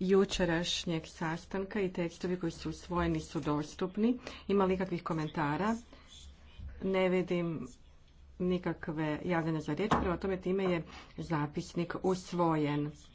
jučerašnjeg sastanka i tekstovi koji su usvojeni su dostupni. Ima li ikakvih komentara? Ne vidim nikakve javljanja za riječ. Prema tome time je zapisnik usvojen.